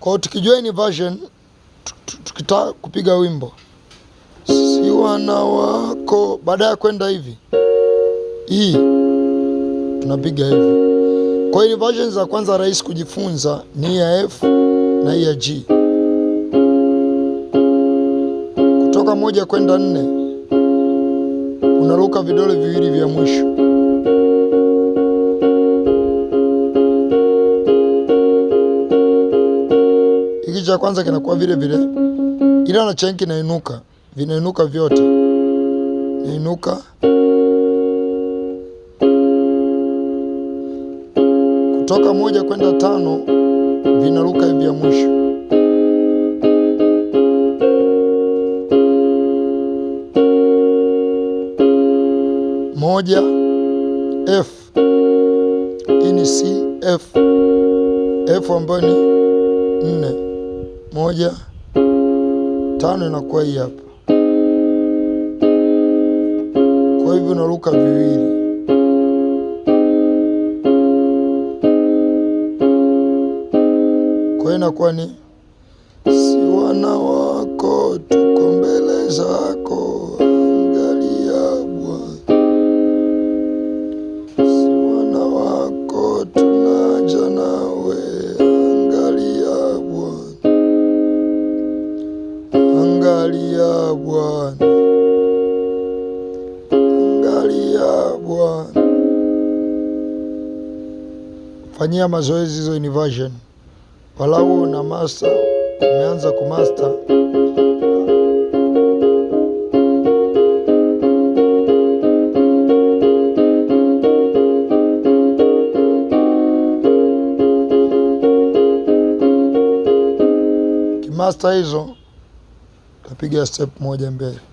Kwa hiyo tukijua version tukitaka kupiga wimbo si wana wako, baada ya kwenda hivi hii tunapiga hivi. Kwa hiyo ni version za kwanza rahisi kujifunza ni ya F na ya G, kutoka moja kwenda nne unaruka vidole viwili vya mwisho. cha kwanza kinakuwa vile vile, ila na chenki inainuka, vinainuka vyote, nainuka kutoka moja kwenda tano, vinaruka hivi vya mwisho. Moja F, hii ni C F, F ambayo ni nne moja tano inakuwa hii hapa. Kwa hivyo unaruka viwili kwa hiyo inakuwa ni si wana wako tuko mbele zako Bwana, angalia Bwana. Fanyia mazoezi hizo inversion, walau na master umeanza kumaster master hizo Tapiga step moja mbele